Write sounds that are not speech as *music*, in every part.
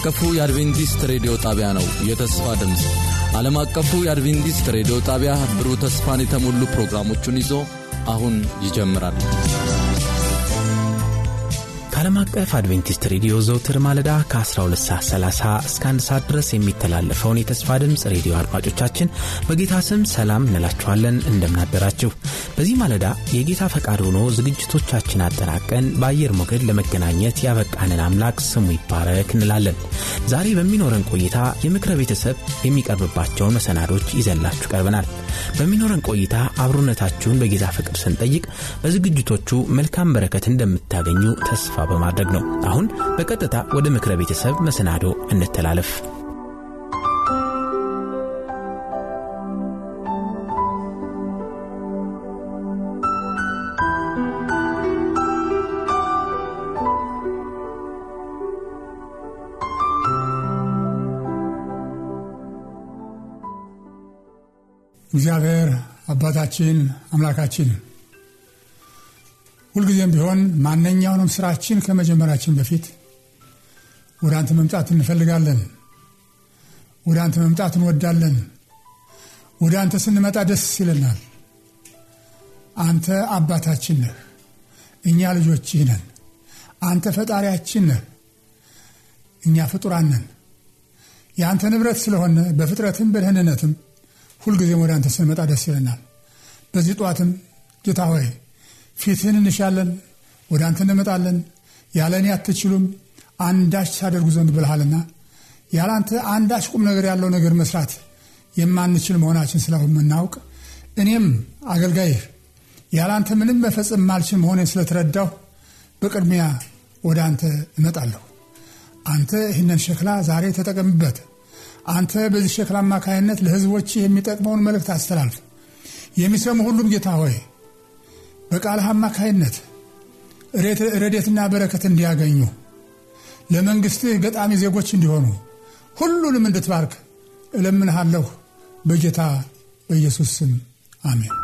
አቀፉ የአድቬንቲስት ሬዲዮ ጣቢያ ነው የተስፋ ድምፅ። ዓለም አቀፉ የአድቬንቲስት ሬዲዮ ጣቢያ ብሩህ ተስፋን የተሞሉ ፕሮግራሞቹን ይዞ አሁን ይጀምራል። ከዓለም አቀፍ አድቬንቲስት ሬዲዮ ዘውትር ማለዳ ከ1230 እስከ 1 ሰዓት ድረስ የሚተላለፈውን የተስፋ ድምፅ ሬዲዮ አድማጮቻችን በጌታ ስም ሰላም እንላችኋለን። እንደምናደራችሁ በዚህ ማለዳ የጌታ ፈቃድ ሆኖ ዝግጅቶቻችን አጠናቀን በአየር ሞገድ ለመገናኘት ያበቃንን አምላክ ስሙ ይባረክ እንላለን። ዛሬ በሚኖረን ቆይታ የምክረ ቤተሰብ የሚቀርብባቸውን መሰናዶች ይዘላችሁ ቀርበናል። በሚኖረን ቆይታ አብሮነታችሁን በጌታ ፍቅር ስንጠይቅ በዝግጅቶቹ መልካም በረከት እንደምታገኙ ተስፋ በማድረግ ነው። አሁን በቀጥታ ወደ ምክረ ቤተሰብ መሰናዶ እንተላለፍ። እግዚአብሔር አባታችን አምላካችን ሁልጊዜም ቢሆን ማንኛውንም ስራችን ከመጀመራችን በፊት ወደ አንተ መምጣት እንፈልጋለን። ወደ አንተ መምጣት እንወዳለን። ወደ አንተ ስንመጣ ደስ ይለናል። አንተ አባታችን ነህ፣ እኛ ልጆችህ ነን። አንተ ፈጣሪያችን ነህ፣ እኛ ፍጡራን ነን። የአንተ ንብረት ስለሆነ በፍጥረትም በደህንነትም ሁልጊዜም ወደ አንተ ስንመጣ ደስ ይለናል። በዚህ ጠዋትም ጌታ ሆይ ፊትህን እንሻለን፣ ወደ አንተ እንመጣለን። ያለ እኔ አትችሉም አንዳች ታደርጉ ዘንድ ብልሃልና ያለ አንተ አንዳች ቁም ነገር ያለው ነገር መስራት የማንችል መሆናችን ስለምናውቅ እኔም አገልጋይህ ያለ አንተ ምንም መፈጸም ማልችል መሆኔን ስለተረዳሁ በቅድሚያ ወደ አንተ እመጣለሁ። አንተ ይህንን ሸክላ ዛሬ ተጠቀምበት። አንተ በዚህ ሸክላ አማካይነት ለህዝቦች የሚጠቅመውን መልእክት አስተላልፍ። የሚሰሙ ሁሉም ጌታ ሆይ በቃልህ አማካይነት ረዴትና በረከት እንዲያገኙ ለመንግሥትህ ገጣሚ ዜጎች እንዲሆኑ ሁሉንም እንድትባርክ እለምንሃለሁ በጌታ በኢየሱስ ስም አሜን።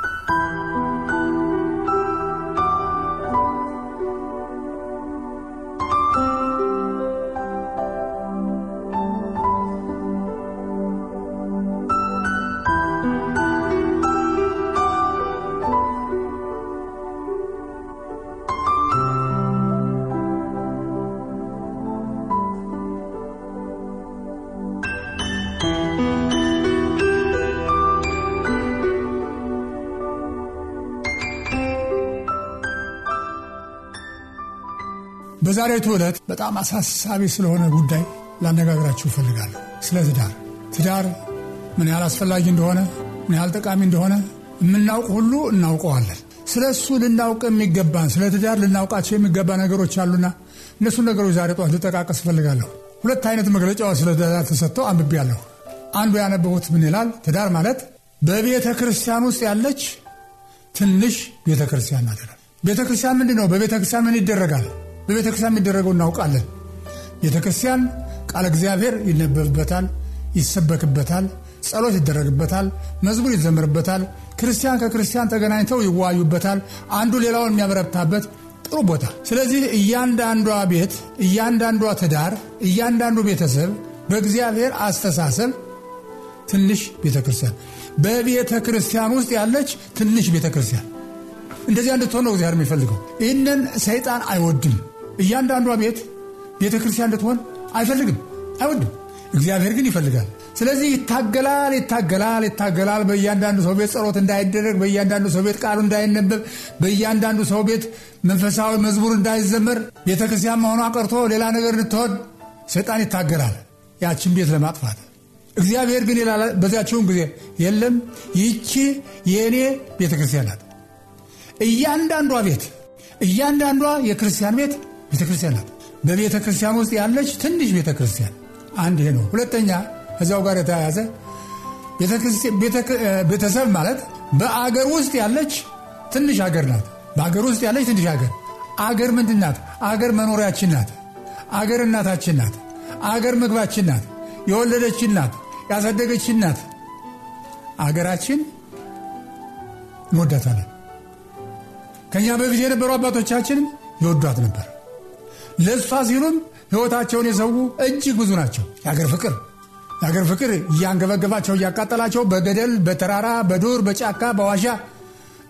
በዛሬቱ ዕለት በጣም አሳሳቢ ስለሆነ ጉዳይ ላነጋግራችሁ እፈልጋለሁ። ስለ ትዳር ትዳር ምን ያህል አስፈላጊ እንደሆነ፣ ምን ያህል ጠቃሚ እንደሆነ የምናውቅ ሁሉ እናውቀዋለን። ስለ እሱ ልናውቅ የሚገባን ስለ ትዳር ልናውቃቸው የሚገባ ነገሮች አሉና እነሱን ነገሮች ዛሬ ጠዋት ልጠቃቀስ እፈልጋለሁ። ሁለት አይነት መግለጫዎች ስለ ትዳር ተሰጥተው አንብቤያለሁ። አንዱ ያነበቡት ምን ይላል? ትዳር ማለት በቤተ ክርስቲያን ውስጥ ያለች ትንሽ ቤተ ክርስቲያን ናት። ቤተ ክርስቲያን ምንድን ነው? በቤተ ክርስቲያን ምን ይደረጋል? በቤተ ክርስቲያን የሚደረገው እናውቃለን። ቤተ ክርስቲያን ቃለ እግዚአብሔር ይነበብበታል፣ ይሰበክበታል፣ ጸሎት ይደረግበታል፣ መዝሙር ይዘምርበታል፣ ክርስቲያን ከክርስቲያን ተገናኝተው ይዋዩበታል አንዱ ሌላውን የሚያበረብታበት ጥሩ ቦታ። ስለዚህ እያንዳንዷ ቤት፣ እያንዳንዷ ትዳር፣ እያንዳንዱ ቤተሰብ በእግዚአብሔር አስተሳሰብ ትንሽ ቤተ ክርስቲያን በቤተ ክርስቲያን ውስጥ ያለች ትንሽ ቤተ ክርስቲያን እንደዚህ እንድትሆን ነው እግዚአብሔር የሚፈልገው። ይህንን ሰይጣን አይወድም። እያንዳንዷ ቤት ቤተ ክርስቲያን እንድትሆን አይፈልግም፣ አይወድም። እግዚአብሔር ግን ይፈልጋል። ስለዚህ ይታገላል፣ ይታገላል፣ ይታገላል። በእያንዳንዱ ሰው ቤት ጸሎት እንዳይደረግ፣ በእያንዳንዱ ሰው ቤት ቃሉ እንዳይነበብ፣ በእያንዳንዱ ሰው ቤት መንፈሳዊ መዝሙር እንዳይዘመር፣ ቤተ ክርስቲያን መሆኗ ቀርቶ ሌላ ነገር እንድትሆን ሰይጣን ይታገላል፣ ያችን ቤት ለማጥፋት። እግዚአብሔር ግን ይላል፣ በዚያቸውን ጊዜ የለም ይቺ የእኔ ቤተ ክርስቲያን ናት። እያንዳንዷ ቤት እያንዳንዷ የክርስቲያን ቤት ቤተክርስቲያን ናት። በቤተ ክርስቲያን ውስጥ ያለች ትንሽ ቤተ ክርስቲያን አንድ ይሄ ነው። ሁለተኛ ከዚያው ጋር የተያያዘ ቤተሰብ ማለት በአገር ውስጥ ያለች ትንሽ አገር ናት። በአገር ውስጥ ያለች ትንሽ አገር አገር ምንድን ናት? አገር መኖሪያችን ናት። አገር እናታችን ናት። አገር ምግባችን ናት። የወለደችን ናት። ያሳደገችን ናት። አገራችን እንወዳታለን። ከእኛ በፊት የነበሩ አባቶቻችንም ይወዷት ነበር። ለእሷ ሲሉም ሕይወታቸውን የሰዉ እጅግ ብዙ ናቸው። የአገር ፍቅር የአገር ፍቅር እያንገበገባቸው እያቃጠላቸው በገደል በተራራ በዱር በጫካ በዋሻ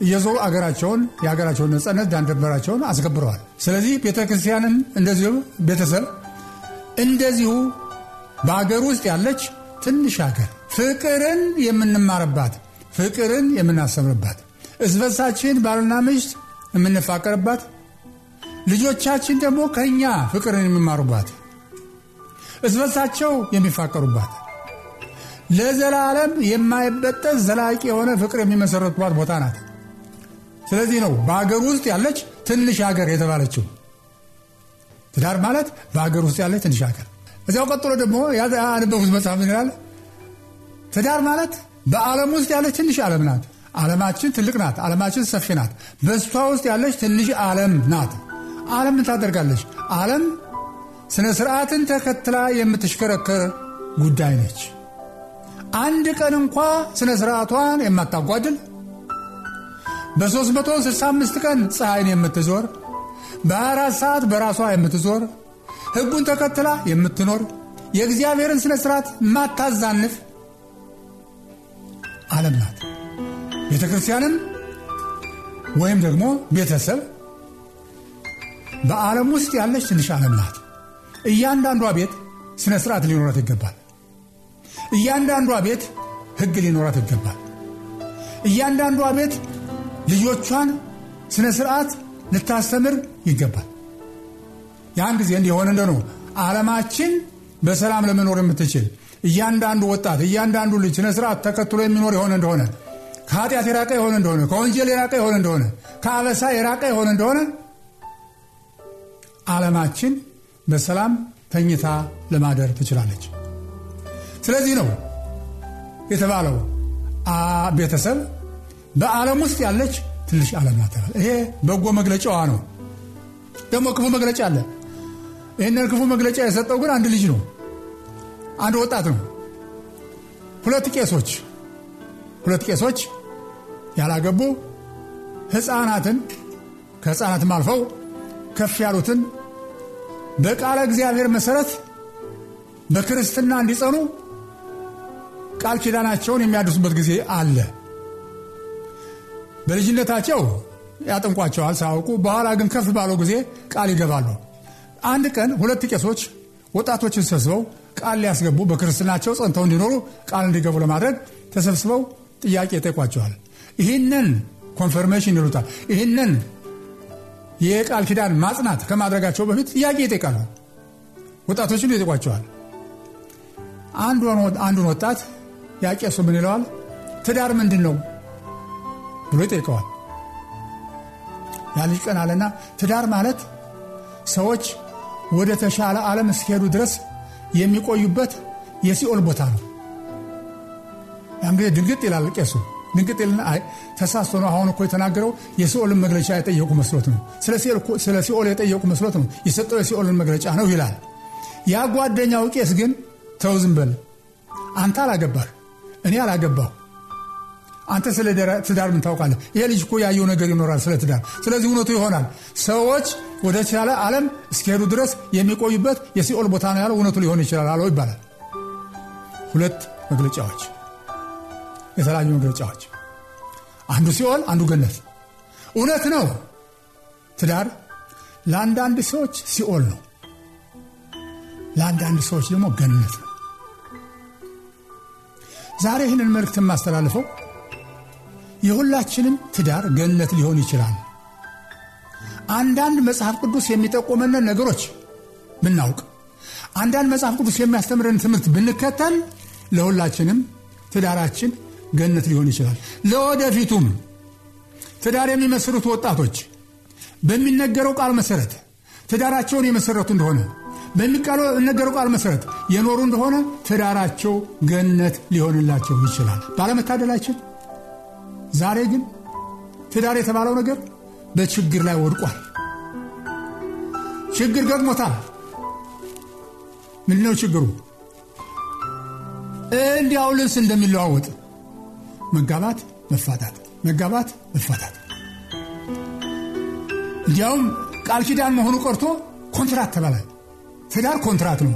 እየዞሩ አገራቸውን የሀገራቸውን ነፃነት ዳንደበራቸውን አስከብረዋል። ስለዚህ ቤተ ክርስቲያንም እንደዚሁ ቤተሰብ እንደዚሁ በአገር ውስጥ ያለች ትንሽ ሀገር ፍቅርን የምንማርባት ፍቅርን የምናሰምርባት እስበሳችን ባልና ምሽት የምንፋቀርባት ልጆቻችን ደግሞ ከእኛ ፍቅርን የሚማሩባት እስበሳቸው የሚፋቀሩባት ለዘላለም የማይበጠስ ዘላቂ የሆነ ፍቅር የሚመሰረቱባት ቦታ ናት። ስለዚህ ነው በሀገር ውስጥ ያለች ትንሽ ሀገር የተባለችው። ትዳር ማለት በሀገር ውስጥ ያለች ትንሽ ሀገር። እዚያው ቀጥሎ ደግሞ ያንበቡት መጽሐፍ ይላል ትዳር ማለት በዓለም ውስጥ ያለች ትንሽ ዓለም ናት። ዓለማችን ትልቅ ናት። ዓለማችን ሰፊ ናት። በእሷ ውስጥ ያለች ትንሽ ዓለም ናት። ዓለም ታደርጋለች? ዓለም ስነ ስርዓትን ተከትላ የምትሽከረከር ጉዳይ ነች። አንድ ቀን እንኳ ስነ ስርዓቷን የማታጓድል በ365 ቀን ፀሐይን የምትዞር በ24 ሰዓት በራሷ የምትዞር ሕጉን ተከትላ የምትኖር የእግዚአብሔርን ስነ ስርዓት ማታዛንፍ ዓለም ናት። ቤተ ክርስቲያንም ወይም ደግሞ ቤተሰብ በዓለም ውስጥ ያለች ትንሽ ዓለም ናት። እያንዳንዷ ቤት ሥነ ሥርዓት ሊኖራት ይገባል። እያንዳንዷ ቤት ሕግ ሊኖራት ይገባል። እያንዳንዷ ቤት ልጆቿን ሥነ ሥርዓት ልታስተምር ይገባል። ያን ጊዜ እንዲህ እንደ ነው ዓለማችን በሰላም ለመኖር የምትችል እያንዳንዱ ወጣት እያንዳንዱ ልጅ ሥነ ሥርዓት ተከትሎ የሚኖር የሆነ እንደሆነ ከኃጢአት የራቀ የሆነ እንደሆነ ከወንጀል የራቀ የሆነ እንደሆነ ከአበሳ የራቀ የሆነ እንደሆነ ዓለማችን በሰላም ተኝታ ለማደር ትችላለች። ስለዚህ ነው የተባለው ቤተሰብ በዓለም ውስጥ ያለች ትንሽ ዓለም ናት። ይሄ በጎ መግለጫዋ ነው። ደግሞ ክፉ መግለጫ አለ። ይህንን ክፉ መግለጫ የሰጠው ግን አንድ ልጅ ነው። አንድ ወጣት ነው። ሁለት ቄሶች ሁለት ቄሶች ያላገቡ ህፃናትን ከህፃናትም አልፈው ከፍ ያሉትን በቃለ እግዚአብሔር መሠረት በክርስትና እንዲጸኑ ቃል ኪዳናቸውን የሚያድሱበት ጊዜ አለ። በልጅነታቸው ያጠምቋቸዋል ሳያውቁ። በኋላ ግን ከፍ ባለው ጊዜ ቃል ይገባሉ። አንድ ቀን ሁለት ቄሶች ወጣቶችን ሰብስበው ቃል ሊያስገቡ በክርስትናቸው ጸንተው እንዲኖሩ ቃል እንዲገቡ ለማድረግ ተሰብስበው ጥያቄ ይጠይቋቸዋል። ይህንን ኮንፈርሜሽን ይሉታል። ይህንን ይህ ቃል ኪዳን ማጽናት ከማድረጋቸው በፊት ጥያቄ ይጠይቃሉ። ወጣቶችን ይጠቋቸዋል አንዱን ወጣት ያቄሱ ምን ይለዋል? ትዳር ምንድን ነው ብሎ ይጠይቀዋል። ያልጅ ቀን አለና ትዳር ማለት ሰዎች ወደ ተሻለ ዓለም እስኪሄዱ ድረስ የሚቆዩበት የሲኦል ቦታ ነው። ያን ጊዜ ድንግጥ ይላል ቄሱ። ድንግጥ አይ ተሳስቶ ነው አሁን እኮ የተናገረው የሲኦልን መግለጫ የጠየቁ መስሎት ነው ስለ ሲኦል የጠየቁ መስሎት ነው የሰጠው የሲኦልን መግለጫ ነው ይላል ያ ጓደኛው ቄስ ግን ተው በል አንተ አላገባህ እኔ አላገባሁ አንተ ስለ ትዳር ምን ታውቃለህ ይሄ ልጅ እኮ ያየው ነገር ይኖራል ስለ ትዳር ስለዚህ እውነቱ ይሆናል ሰዎች ወደ ቻለ ዓለም እስኪሄዱ ድረስ የሚቆዩበት የሲኦል ቦታ ነው ያለው እውነቱ ሊሆን ይችላል አለው ይባላል ሁለት መግለጫዎች የተለያዩ መግለጫዎች አንዱ ሲሆን አንዱ ገነት። እውነት ነው። ትዳር ለአንዳንድ ሰዎች ሲኦል ነው፣ ለአንዳንድ ሰዎች ደግሞ ገነት ነው። ዛሬ ይህንን መልእክት የማስተላልፈው የሁላችንም ትዳር ገነት ሊሆን ይችላል። አንዳንድ መጽሐፍ ቅዱስ የሚጠቁመንን ነገሮች ብናውቅ፣ አንዳንድ መጽሐፍ ቅዱስ የሚያስተምረን ትምህርት ብንከተል ለሁላችንም ትዳራችን ገነት ሊሆን ይችላል። ለወደፊቱም ትዳር የሚመስሩት ወጣቶች በሚነገረው ቃል መሰረት ትዳራቸውን የመሰረቱ እንደሆነ በሚነገረው ቃል መሰረት የኖሩ እንደሆነ ትዳራቸው ገነት ሊሆንላቸው ይችላል። ባለመታደላችን ዛሬ ግን ትዳር የተባለው ነገር በችግር ላይ ወድቋል። ችግር ገጥሞታል። ምንድነው ችግሩ? እንዲያው ልብስ እንደሚለዋወጥ መጋባት፣ መፋታት፣ መጋባት፣ መፋታት። እንዲያውም ቃል ኪዳን መሆኑ ቀርቶ ኮንትራት ተባለ። ትዳር ኮንትራት ነው።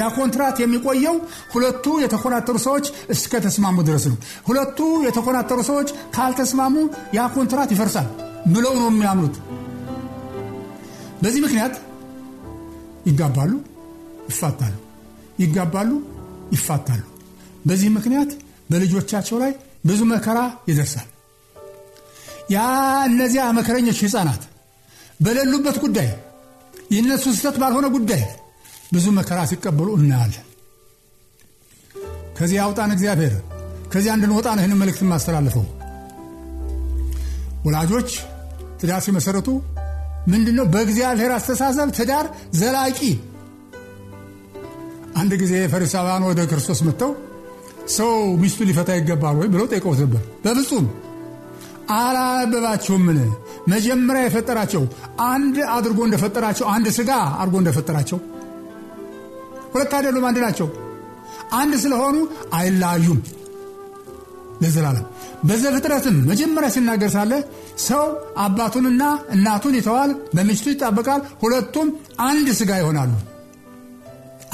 ያ ኮንትራት የሚቆየው ሁለቱ የተኮናተሩ ሰዎች እስከተስማሙ ድረስ ነው። ሁለቱ የተኮናተሩ ሰዎች ካልተስማሙ ያ ኮንትራት ይፈርሳል ብለው ነው የሚያምኑት። በዚህ ምክንያት ይጋባሉ፣ ይፋታሉ፣ ይጋባሉ፣ ይፋታሉ። በዚህ ምክንያት በልጆቻቸው ላይ ብዙ መከራ ይደርሳል። ያ እነዚያ መከረኞች ሕፃናት በሌሉበት ጉዳይ የእነሱ ስህተት ባልሆነ ጉዳይ ብዙ መከራ ሲቀበሉ እናያለን። ከዚህ አውጣን እግዚአብሔር፣ ከዚህ እንድንወጣን ይህን መልእክት ማስተላለፈው ወላጆች ትዳር ሲመሰረቱ ምንድን ነው በእግዚአብሔር አስተሳሰብ ትዳር ዘላቂ አንድ ጊዜ ፈሪሳውያን ወደ ክርስቶስ መጥተው ሰው ሚስቱ ሊፈታ ይገባል ወይ ብለው ጠይቀውት ነበር። በፍጹም አላነበባችሁምን? መጀመሪያ የፈጠራቸው አንድ አድርጎ እንደፈጠራቸው አንድ ስጋ አድርጎ እንደፈጠራቸው ሁለት አይደሉም፣ አንድ ናቸው። አንድ ስለሆኑ አይላዩም ለዘላለም። በዘፍጥረትም መጀመሪያ ሲናገር ሳለ ሰው አባቱንና እናቱን ይተዋል፣ በሚስቱ ይጣበቃል፣ ሁለቱም አንድ ስጋ ይሆናሉ።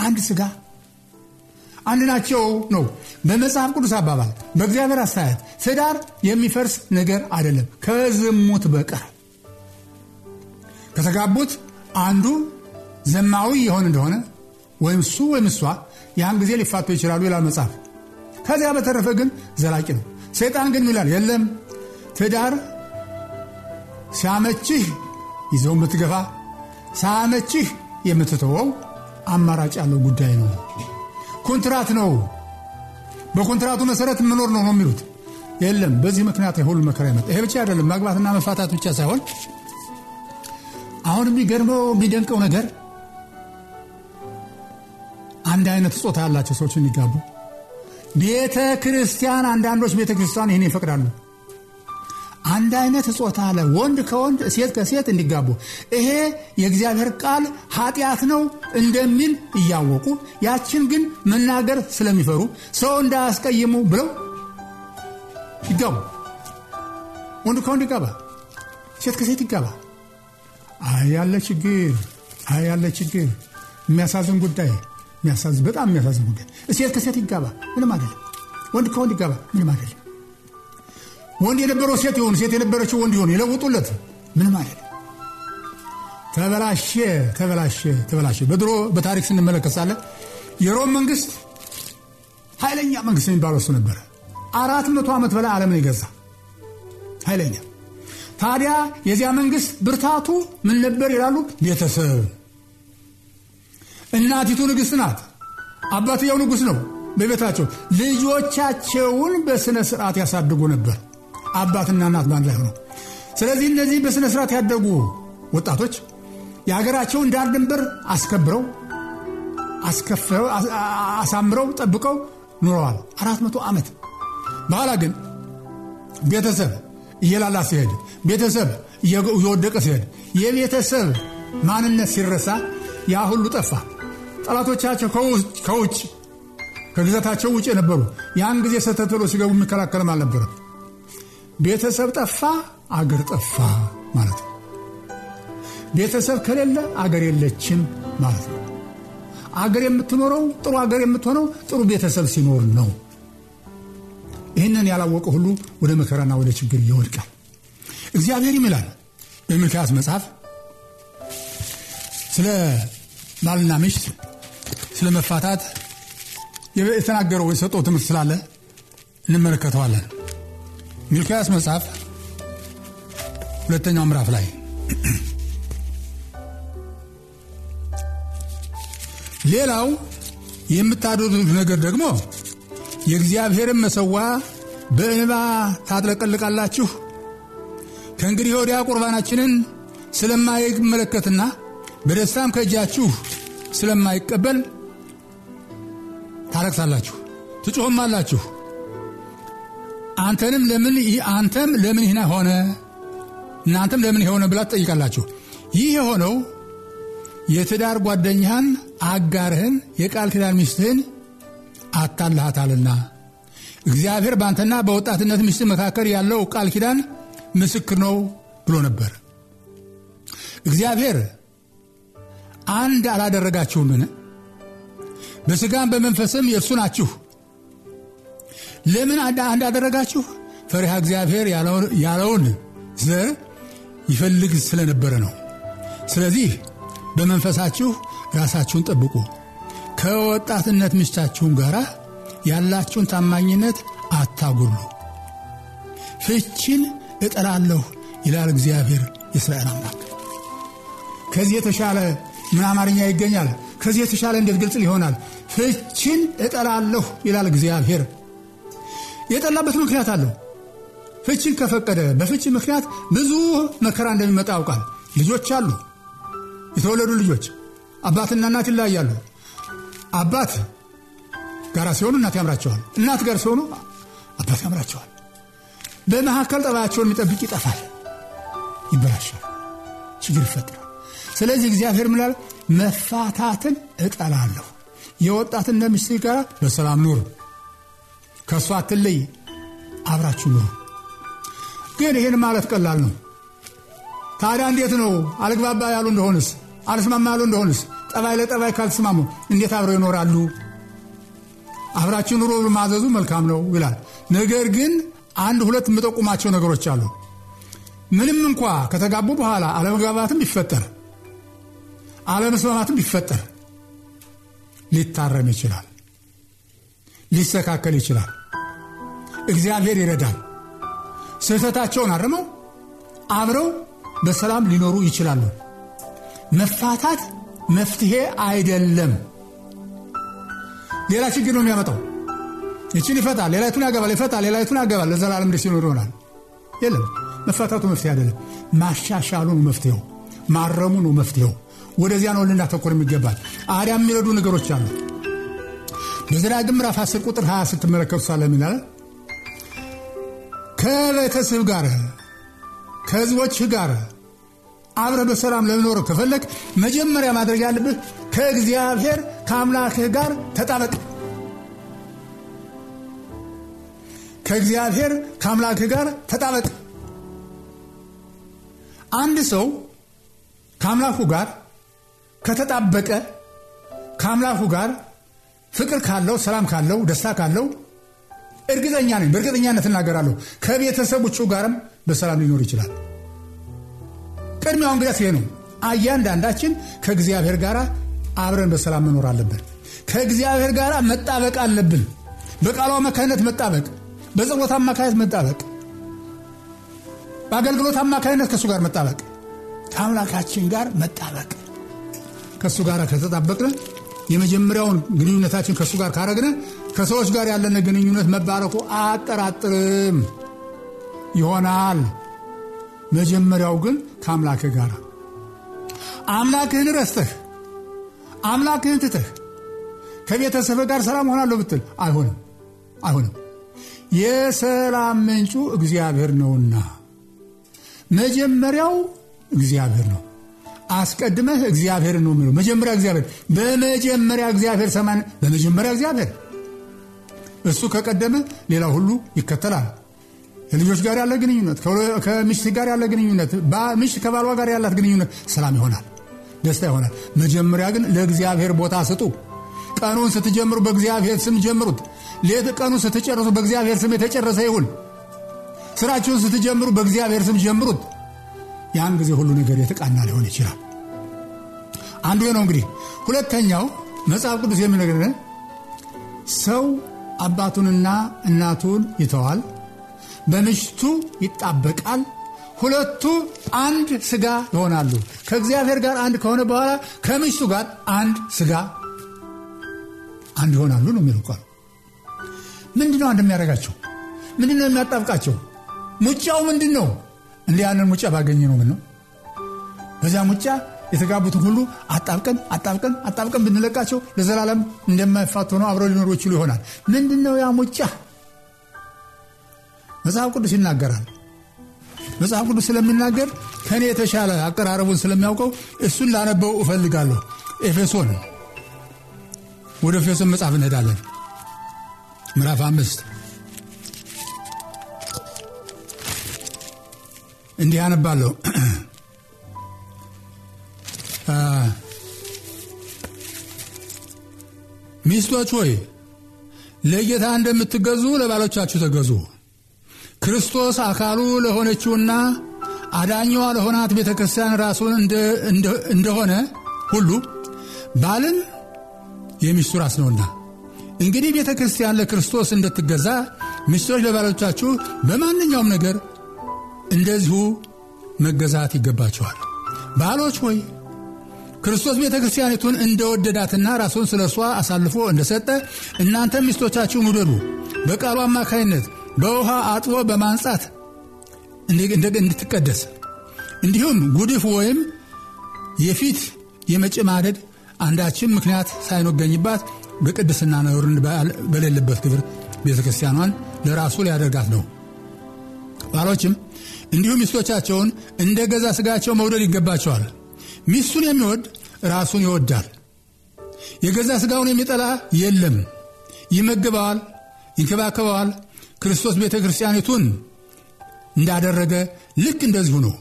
አንድ ስጋ አንድ ናቸው ነው በመጽሐፍ ቅዱስ አባባል፣ በእግዚአብሔር አስተያየት ትዳር የሚፈርስ ነገር አይደለም ከዝሙት በቀር። ከተጋቡት አንዱ ዘማዊ የሆን እንደሆነ ወይም እሱ ወይም እሷ ያን ጊዜ ሊፋቱ ይችላሉ ይላል መጽሐፍ። ከዚያ በተረፈ ግን ዘላቂ ነው። ሰይጣን ግን ይላል የለም ትዳር ሲያመችህ ይዘው የምትገፋ ሳያመችህ የምትተወው አማራጭ ያለው ጉዳይ ነው። ኮንትራት ነው፣ በኮንትራቱ መሰረት ምኖር ነው ነው የሚሉት። የለም በዚህ ምክንያት የሁሉ መከራ ይመጣ። ይሄ ብቻ አይደለም፣ መግባትና መፋታት ብቻ ሳይሆን አሁን የሚገርመው የሚደንቀው ነገር አንድ አይነት ጾታ ያላቸው ሰዎች የሚጋቡ ቤተ ክርስቲያን አንዳንዶች ቤተ ክርስቲያን ይህን ይፈቅዳሉ። አንድ አይነት እጾታ አለ። ወንድ ከወንድ ሴት ከሴት እንዲጋቡ ይሄ የእግዚአብሔር ቃል ኃጢአት ነው እንደሚል እያወቁ ያችን ግን መናገር ስለሚፈሩ ሰው እንዳያስቀይሙ ብለው ይጋቡ። ወንድ ከወንድ ይጋባ፣ ሴት ከሴት ይጋባ። አይ ያለ ችግር፣ አይ ያለ ችግር። የሚያሳዝን ጉዳይ፣ በጣም የሚያሳዝን ጉዳይ። ሴት ከሴት ይጋባ፣ ምንም አደለም ወንድ ከወንድ ይጋባ፣ ምንም አደለም ወንድ የነበረው ሴት ይሆን ሴት የነበረችው ወንድ ይሆን ይለውጡለት። ምን ማለት ተበላሸ፣ ተበላሸ፣ ተበላሸ። በድሮ በታሪክ ስንመለከት የሮም መንግስት ኃይለኛ መንግስት የሚባለው እሱ ነበረ። አራት መቶ ዓመት በላይ ዓለምን የገዛ ኃይለኛ። ታዲያ የዚያ መንግስት ብርታቱ ምን ነበር ይላሉ? ቤተሰብ። እናቲቱ ንግስት ናት፣ አባትየው ንጉሥ ነው። በቤታቸው ልጆቻቸውን በሥነ ሥርዓት ያሳድጉ ነበር። አባትና እናት በአንድ ላይ ሆነው። ስለዚህ እነዚህ በሥነ ሥርዓት ያደጉ ወጣቶች የሀገራቸውን ዳር ድንበር አስከብረው አሳምረው ጠብቀው ኑረዋል አራት መቶ ዓመት። በኋላ ግን ቤተሰብ እየላላ ሲሄድ፣ ቤተሰብ እየወደቀ ሲሄድ፣ የቤተሰብ ማንነት ሲረሳ ያ ሁሉ ጠፋ። ጠላቶቻቸው ከውጭ ከግዛታቸው ውጭ የነበሩ ያን ጊዜ ሰተት ብሎ ሲገቡ የሚከላከልም አልነበረም። ቤተሰብ ጠፋ አገር ጠፋ ማለት ነው። ቤተሰብ ከሌለ አገር የለችም ማለት ነው። አገር የምትኖረው ጥሩ አገር የምትሆነው ጥሩ ቤተሰብ ሲኖር ነው። ይህንን ያላወቀ ሁሉ ወደ መከራና ወደ ችግር ይወድቃል። እግዚአብሔር ይምላል በሚልክያስ መጽሐፍ ስለ ባልና ሚስት ስለ መፋታት የተናገረው የሰጠው ትምህርት ስላለ እንመለከተዋለን። ሚልኪያስ መጽሐፍ ሁለተኛው ምዕራፍ ላይ ሌላው የምታደርጉት ነገር ደግሞ የእግዚአብሔርን መሰዋ በእንባ ታጥለቀልቃላችሁ። ከእንግዲህ ወዲያ ቁርባናችንን ስለማይመለከትና በደስታም ከእጃችሁ ስለማይቀበል ታለቅሳላችሁ፣ ትጮህም አላችሁ አንተንም ለምን አንተም ለምን ይህና ሆነ እናንተም ለምን የሆነ ብላ ትጠይቃላችሁ። ይህ የሆነው የትዳር ጓደኛህን፣ አጋርህን፣ የቃል ኪዳን ሚስትህን አታልሃታልና እግዚአብሔር በአንተና በወጣትነት ሚስት መካከል ያለው ቃል ኪዳን ምስክር ነው ብሎ ነበር። እግዚአብሔር አንድ አላደረጋችሁምን? በስጋም በመንፈስም የእርሱ ናችሁ ለምን እንዳደረጋችሁ አደረጋችሁ? ፈሪሃ እግዚአብሔር ያለውን ዘር ይፈልግ ስለነበረ ነው። ስለዚህ በመንፈሳችሁ ራሳችሁን ጠብቁ። ከወጣትነት ምሽታችሁም ጋር ያላችሁን ታማኝነት አታጉሉ። ፍችን እጠላለሁ ይላል እግዚአብሔር የእስራኤል አምላክ። ከዚህ የተሻለ ምን አማርኛ ይገኛል? ከዚህ የተሻለ እንዴት ግልጽ ይሆናል? ፍችን እጠላለሁ ይላል እግዚአብሔር የጠላበት ምክንያት አለው። ፍቺን ከፈቀደ በፍቺ ምክንያት ብዙ መከራ እንደሚመጣ ያውቃል። ልጆች አሉ፣ የተወለዱ ልጆች አባትና እናት ይለያያሉ። አባት ጋራ ሲሆኑ እናት ያምራቸዋል፣ እናት ጋር ሲሆኑ አባት ያምራቸዋል። በመካከል ጠባያቸውን የሚጠብቅ ይጠፋል፣ ይበላሻል፣ ችግር ይፈጥራል። ስለዚህ እግዚአብሔር ምላል መፋታትን እጠላለሁ። የወጣት እንደሚስት ጋር በሰላም ኑር ከእሷ አትለይ፣ አብራችሁ ኑሩ። ግን ይህን ማለት ቀላል ነው። ታዲያ እንዴት ነው አልግባባ ያሉ እንደሆንስ አልስማማ ያሉ እንደሆንስ ጠባይ ለጠባይ ካልተስማሙ እንዴት አብረው ይኖራሉ? አብራችሁ ኑሮ ማዘዙ መልካም ነው ይላል። ነገር ግን አንድ ሁለት የምጠቁማቸው ነገሮች አሉ። ምንም እንኳ ከተጋቡ በኋላ አለመግባባትም ቢፈጠር አለመስማማትም ቢፈጠር ሊታረም ይችላል፣ ሊስተካከል ይችላል። እግዚአብሔር ይረዳል። ስህተታቸውን አርመው አብረው በሰላም ሊኖሩ ይችላሉ። መፋታት መፍትሄ አይደለም። ሌላ ችግር ነው የሚያመጣው። ይችን ይፈታል፣ ሌላይቱን ያገባል፣ ይፈታል፣ ሌላይቱን ያገባል፣ ለዘላለም ደስ ይኖር ይሆናል። የለም፣ መፋታቱ መፍትሄ አይደለም። ማሻሻሉ ነው መፍትሄው፣ ማረሙ ነው መፍትሄው። ወደዚያ ነው ልናተኮር የሚገባል። አዲያ የሚረዱ ነገሮች አሉ። በዘዳግም ምዕራፍ 10 ቁጥር 20 ስትመለከቱ ሳለ ምን ከቤተሰብ ጋር ከህዝቦች ጋር አብረህ በሰላም ለመኖር ከፈለግ መጀመሪያ ማድረግ ያለብህ ከእግዚአብሔር ከአምላክህ ጋር ተጣበቅ። ከእግዚአብሔር ከአምላክህ ጋር ተጣበቅ። አንድ ሰው ከአምላኩ ጋር ከተጣበቀ ከአምላኩ ጋር ፍቅር ካለው፣ ሰላም ካለው፣ ደስታ ካለው እርግጠኛ ነኝ፣ በእርግጠኛነት እናገራለሁ። ከቤተሰቦቹ ጋርም በሰላም ሊኖር ይችላል። ቅድሚያው እንግዲህ ይሄ ነው። እያንዳንዳችን ከእግዚአብሔር ጋር አብረን በሰላም መኖር አለብን። ከእግዚአብሔር ጋር መጣበቅ አለብን። በቃሉ አማካኝነት መጣበቅ፣ በጸሎት አማካኝነት መጣበቅ፣ በአገልግሎት አማካኝነት ከእሱ ጋር መጣበቅ፣ ከአምላካችን ጋር መጣበቅ ከእሱ ጋር ከተጣበቅን የመጀመሪያውን ግንኙነታችን ከእሱ ጋር ካረግነ ከሰዎች ጋር ያለን ግንኙነት መባረኩ አጠራጥርም ይሆናል። መጀመሪያው ግን ከአምላክህ ጋር አምላክህን ረስተህ አምላክህን ትተህ ከቤተሰብ ጋር ሰላም ሆናለሁ ብትል አይሆንም፣ አይሆንም። የሰላም ምንጩ እግዚአብሔር ነውና መጀመሪያው እግዚአብሔር ነው። አስቀድመህ እግዚአብሔር ነው የሚለው። መጀመሪያ እግዚአብሔር በመጀመሪያ እግዚአብሔር ሰማን በመጀመሪያ እግዚአብሔር እሱ ከቀደመ ሌላ ሁሉ ይከተላል። ከልጆች ጋር ያለ ግንኙነት፣ ከምሽት ጋር ያለ ግንኙነት፣ ምሽት ከባሏ ጋር ያላት ግንኙነት ሰላም ይሆናል፣ ደስታ ይሆናል። መጀመሪያ ግን ለእግዚአብሔር ቦታ ስጡ። ቀኑን ስትጀምሩ በእግዚአብሔር ስም ጀምሩት። ሌት ቀኑን ስትጨርሱ በእግዚአብሔር ስም የተጨረሰ ይሁን። ስራችሁን ስትጀምሩ በእግዚአብሔር ስም ጀምሩት። ያን ጊዜ ሁሉ ነገር የተቃና ሊሆን ይችላል። አንዱ ነው እንግዲህ። ሁለተኛው መጽሐፍ ቅዱስ የሚነግረን ሰው አባቱንና እናቱን ይተዋል፣ በምሽቱ ይጣበቃል፣ ሁለቱ አንድ ስጋ ይሆናሉ። ከእግዚአብሔር ጋር አንድ ከሆነ በኋላ ከምሽቱ ጋር አንድ ስጋ አንድ ይሆናሉ ነው የሚለው ቃሉ። ምንድነው አንድ የሚያደርጋቸው? ምንድነው የሚያጣብቃቸው? ሙጫው ምንድን ነው? እንዲህ ያንን ሙጫ ባገኘ ነው ነው በዚያ ሙጫ የተጋቡትን ሁሉ አጣብቀን አጣብቀን አጣብቀን ብንለቃቸው ለዘላለም እንደማይፋት ሆነው አብረው ሊኖሩ ይችሉ ይሆናል። ምንድን ነው ያ ሙጫ? መጽሐፍ ቅዱስ ይናገራል። መጽሐፍ ቅዱስ ስለሚናገር ከኔ የተሻለ አቀራረቡን ስለሚያውቀው እሱን ላነበው እፈልጋለሁ። ኤፌሶን ወደ ኤፌሶን መጽሐፍ እንሄዳለን ምዕራፍ አምስት እንዲህ አነባለሁ *clears throat* ሚስቶች ሆይ ለጌታ እንደምትገዙ ለባሎቻችሁ ተገዙ ክርስቶስ አካሉ ለሆነችውና አዳኛዋ ለሆናት ቤተ ክርስቲያን ራሱን እንደሆነ ሁሉ ባልም የሚስቱ ራስ ነውና እንግዲህ ቤተ ክርስቲያን ለክርስቶስ እንድትገዛ ሚስቶች ለባሎቻችሁ በማንኛውም ነገር እንደዚሁ መገዛት ይገባቸዋል። ባሎች ሆይ ክርስቶስ ቤተ ክርስቲያኒቱን እንደወደዳትና ራሱን ስለ እርሷ አሳልፎ እንደሰጠ እናንተ ሚስቶቻችሁን ውደዱ፣ በቃሉ አማካይነት በውሃ አጥቦ በማንጻት እንድትቀደስ እንዲሁም ጉድፍ ወይም የፊት የመጨማደድ አንዳችን ምክንያት ሳይኖገኝባት በቅድስና ነውር በሌለበት ግብር ቤተ ክርስቲያኗን ለራሱ ሊያደርጋት ነው። ባሎችም እንዲሁ ሚስቶቻቸውን እንደ ገዛ ስጋቸው መውደድ ይገባቸዋል። ሚስቱን የሚወድ ራሱን ይወዳል። የገዛ ስጋውን የሚጠላ የለም። ይመግበዋል፣ ይንከባከበዋል። ክርስቶስ ቤተ ክርስቲያኒቱን እንዳደረገ ልክ እንደዚሁ ነው።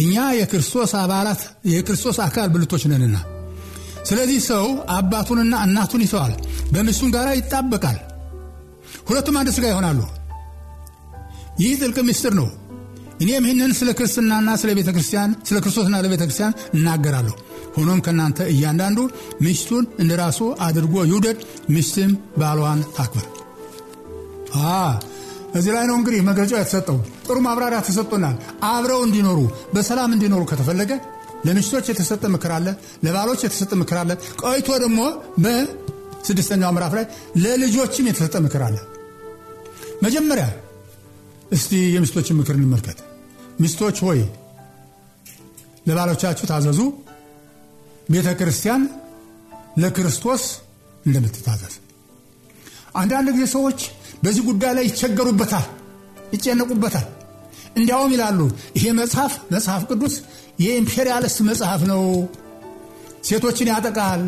እኛ የክርስቶስ አባላት የክርስቶስ አካል ብልቶች ነንና፣ ስለዚህ ሰው አባቱንና እናቱን ይተዋል፣ በሚስቱም ጋር ይጣበቃል፣ ሁለቱም አንድ ሥጋ ይሆናሉ። ይህ ጥልቅ ምስጢር ነው። እኔም ይህንን ስለ ክርስትናና ስለ ቤተ ክርስቲያን ስለ ክርስቶስና ለቤተ ክርስቲያን እናገራለሁ። ሆኖም ከእናንተ እያንዳንዱ ምሽቱን እንደ ራሱ አድርጎ ይውደድ፣ ምሽትም ባሏን ታክብር። እዚህ ላይ ነው እንግዲህ መግለጫው የተሰጠው። ጥሩ ማብራሪያ ተሰጥቶናል። አብረው እንዲኖሩ በሰላም እንዲኖሩ ከተፈለገ ለምሽቶች የተሰጠ ምክር አለ፣ ለባሎች የተሰጠ ምክር አለ። ቆይቶ ደግሞ በስድስተኛው ምዕራፍ ላይ ለልጆችም የተሰጠ ምክር አለ። መጀመሪያ እስቲ የሚስቶችን ምክር እንመልከት። ሚስቶች ሆይ ለባሎቻችሁ ታዘዙ፣ ቤተ ክርስቲያን ለክርስቶስ እንደምትታዘዝ። አንዳንድ ጊዜ ሰዎች በዚህ ጉዳይ ላይ ይቸገሩበታል፣ ይጨነቁበታል። እንዲያውም ይላሉ ይሄ መጽሐፍ መጽሐፍ ቅዱስ የኢምፔሪያልስ መጽሐፍ ነው፣ ሴቶችን ያጠቃል፣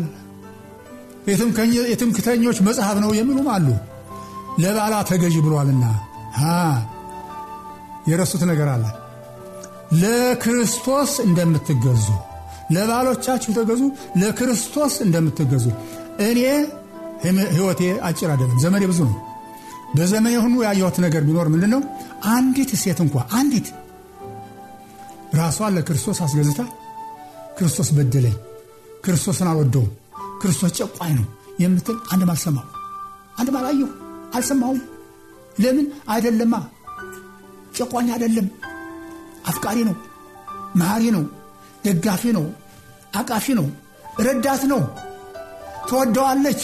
የትምክተኞች መጽሐፍ ነው የሚሉም አሉ። ለባላ ተገዢ ብሏልና የረሱት ነገር አለ። ለክርስቶስ እንደምትገዙ ለባሎቻችሁ ተገዙ፣ ለክርስቶስ እንደምትገዙ። እኔ ህይወቴ አጭር አይደለም፣ ዘመኔ ብዙ ነው። በዘመኔ የሆኑ ያየሁት ነገር ቢኖር ምንድን ነው? አንዲት ሴት እንኳ አንዲት ራሷን ለክርስቶስ አስገዝታ ክርስቶስ በደለኝ፣ ክርስቶስን አልወደውም፣ ክርስቶስ ጨቋኝ ነው የምትል አንድም አልሰማሁ፣ አንድም አላየሁ፣ አልሰማሁም። ለምን አይደለማ? ጨቋኝ አይደለም። አፍቃሪ ነው፣ መሐሪ ነው፣ ደጋፊ ነው፣ አቃፊ ነው፣ ረዳት ነው። ትወደዋለች፣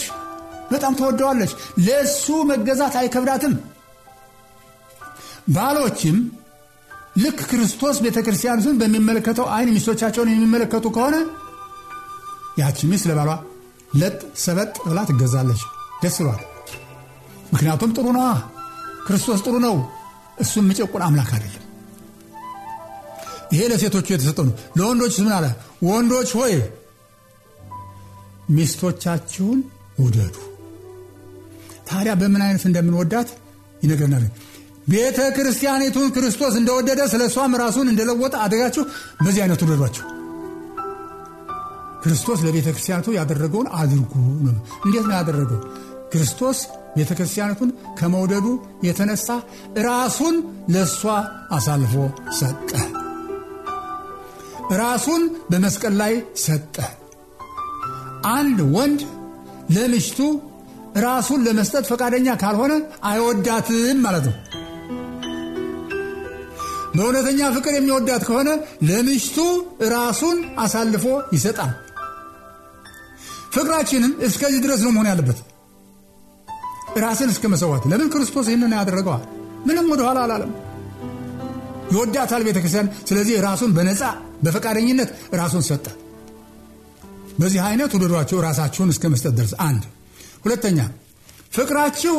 በጣም ተወደዋለች ለእሱ መገዛት አይከብዳትም። ባሎችም ልክ ክርስቶስ ቤተ ክርስቲያኑን በሚመለከተው አይን ሚስቶቻቸውን የሚመለከቱ ከሆነ ያቺ ሚስ ለባሏ ለጥ ሰበጥ ብላ ትገዛለች። ደስ ብሏል። ምክንያቱም ጥሩ ነዋ። ክርስቶስ ጥሩ ነው። እሱ የሚጨቁን አምላክ አይደለም። ይሄ ለሴቶቹ የተሰጠው ነው። ለወንዶች ምን አለ? ወንዶች ሆይ ሚስቶቻችሁን ውደዱ። ታዲያ በምን አይነት እንደምንወዳት ይነግረናል። ቤተ ክርስቲያኒቱን ክርስቶስ እንደወደደ ስለ እሷም ራሱን እንደለወጠ አድርጋችሁ በዚህ አይነት ውደዷቸው። ክርስቶስ ለቤተ ክርስቲያኒቱ ያደረገውን አድርጉ። እንዴት ነው ያደረገው? ክርስቶስ ቤተ ክርስቲያኒቱን ከመውደዱ የተነሳ ራሱን ለእሷ አሳልፎ ሰጠ። ራሱን በመስቀል ላይ ሰጠ። አንድ ወንድ ለምሽቱ ራሱን ለመስጠት ፈቃደኛ ካልሆነ አይወዳትም ማለት ነው። በእውነተኛ ፍቅር የሚወዳት ከሆነ ለምሽቱ ራሱን አሳልፎ ይሰጣል። ፍቅራችንም እስከዚህ ድረስ ነው መሆን ያለበት፣ ራስን እስከ መሰዋት። ለምን ክርስቶስ ይህንን ያደረገዋል? ምንም ወደኋላ አላለም። ይወዳታል ቤተክርስቲያን። ስለዚህ ራሱን በነፃ በፈቃደኝነት ራሱን ሰጠ። በዚህ አይነት ውደዷቸው ራሳችሁን እስከ መስጠት ድረስ። አንድ ሁለተኛ ፍቅራችሁ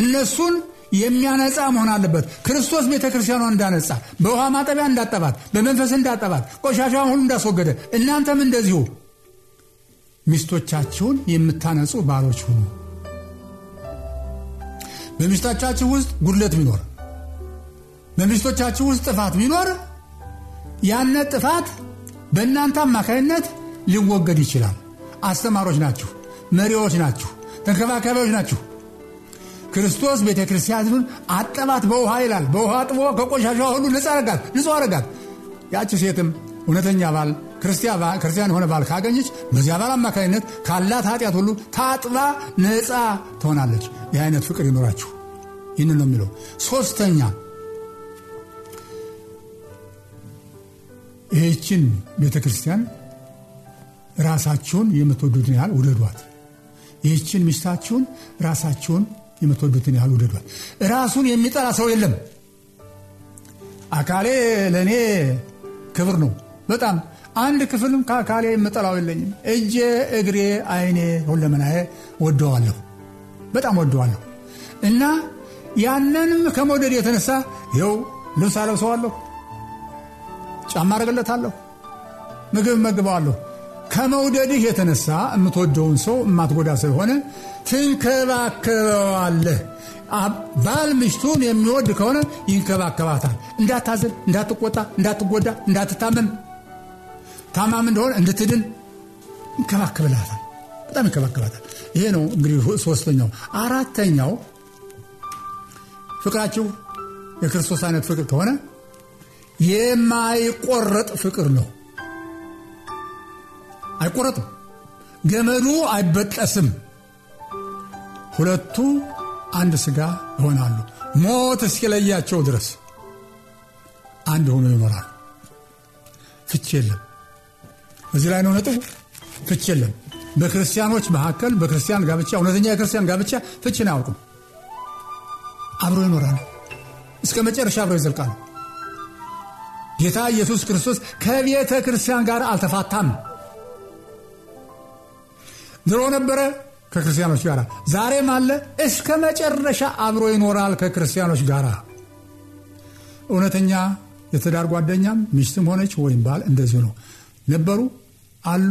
እነሱን የሚያነጻ መሆን አለበት። ክርስቶስ ቤተ ክርስቲያኗን እንዳነጻ፣ በውሃ ማጠቢያ እንዳጠባት፣ በመንፈስ እንዳጠባት፣ ቆሻሻዋን ሁሉ እንዳስወገደ እናንተም እንደዚሁ ሚስቶቻችሁን የምታነጹ ባሎች ሁኑ። በሚስቶቻችሁ ውስጥ ጉድለት ቢኖር፣ በሚስቶቻችሁ ውስጥ ጥፋት ቢኖር ያነ ጥፋት በእናንተ አማካይነት ሊወገድ ይችላል። አስተማሮች ናችሁ፣ መሪዎች ናችሁ፣ ተንከባካቢዎች ናችሁ። ክርስቶስ ቤተ ክርስቲያንን አጠባት በውሃ ይላል። በውሃ አጥቦ ከቆሻሻ ሁሉ ንጹሕ አረጋት፣ ንጹ አረጋት። ያቺ ሴትም እውነተኛ ባል ክርስቲያን የሆነ ባል ካገኘች በዚያ ባል አማካኝነት ካላት ኃጢአት ሁሉ ታጥባ ነፃ ትሆናለች። ይህ አይነት ፍቅር ይኖራችሁ። ይህን ነው የሚለው ሶስተኛ ይህችን ቤተ ክርስቲያን ራሳችሁን የምትወዱትን ያህል ውደዷት። ይህችን ሚስታችሁን ራሳችሁን የምትወዱትን ያህል ውደዷት። ራሱን የሚጠላ ሰው የለም። አካሌ ለእኔ ክብር ነው በጣም አንድ ክፍልም ከአካሌ የምጠላው የለኝም። እጄ፣ እግሬ፣ አይኔ፣ ሁለመናዬ ወደዋለሁ፣ በጣም ወደዋለሁ። እና ያንንም ከመውደድ የተነሳ ይኸው ልብስ አለብሰዋለሁ ጫማ አደርግለታለሁ፣ ምግብ መግበዋለሁ። ከመውደድህ የተነሳ የምትወደውን ሰው የማትጎዳ ስለሆነ ትንከባከበዋለህ። ባል ምሽቱን የሚወድ ከሆነ ይንከባከባታል። እንዳታዘን፣ እንዳትቆጣ፣ እንዳትጎዳ፣ እንዳትታመም፣ ታማም እንደሆነ እንድትድን ይንከባከብላታል። በጣም ይንከባከባታል። ይሄ ነው እንግዲህ ሶስተኛው። አራተኛው ፍቅራችሁ የክርስቶስ አይነት ፍቅር ከሆነ የማይቆረጥ ፍቅር ነው። አይቆረጥም፣ ገመዱ አይበጠስም። ሁለቱ አንድ ስጋ ይሆናሉ፣ ሞት እስኪለያቸው ድረስ አንድ ሆኖ ይኖራል ፍች የለም። እዚህ ላይ ነው ነጥቡ። ፍች የለም። በክርስቲያኖች መካከል በክርስቲያን ጋብቻ፣ እውነተኛ የክርስቲያን ጋብቻ ፍችን አያውቅም። አብሮ ይኖራሉ፣ እስከ መጨረሻ አብሮ ይዘልቃሉ። ጌታ ኢየሱስ ክርስቶስ ከቤተ ክርስቲያን ጋር አልተፋታም። ድሮ ነበረ ከክርስቲያኖች ጋር፣ ዛሬም አለ፣ እስከ መጨረሻ አብሮ ይኖራል ከክርስቲያኖች ጋር። እውነተኛ የትዳር ጓደኛም ሚስትም ሆነች ወይም ባል እንደዚሁ ነው። ነበሩ አሉ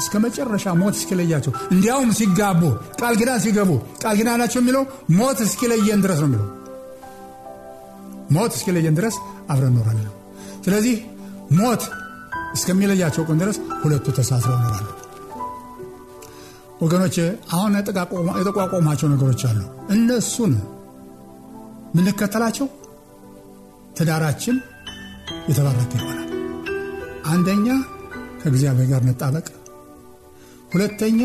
እስከ መጨረሻ ሞት እስኪለያቸው። እንዲያውም ሲጋቡ ቃል ግዳን ሲገቡ ቃል ናቸው የሚለው ሞት እስኪለየን ድረስ ነው የሚለው ሞት እስኪለየን ድረስ አብረን እኖራለን። ስለዚህ ሞት እስከሚለያቸው ቀን ድረስ ሁለቱ ተሳስረው ይኖራሉ። ወገኖች አሁን የተቋቋሟቸው ነገሮች አሉ። እነሱን ምንከተላቸው ትዳራችን የተባረከ ይሆናል። አንደኛ ከእግዚአብሔር ጋር መጣበቅ፣ ሁለተኛ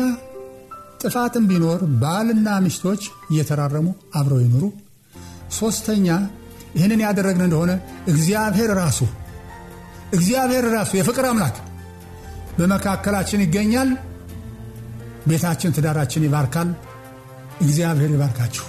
ጥፋትም ቢኖር ባልና ሚስቶች እየተራረሙ አብረው ይኑሩ። ሶስተኛ ይህንን ያደረግን እንደሆነ እግዚአብሔር ራሱ እግዚአብሔር ራሱ የፍቅር አምላክ በመካከላችን ይገኛል። ቤታችን፣ ትዳራችን ይባርካል። እግዚአብሔር ይባርካችሁ።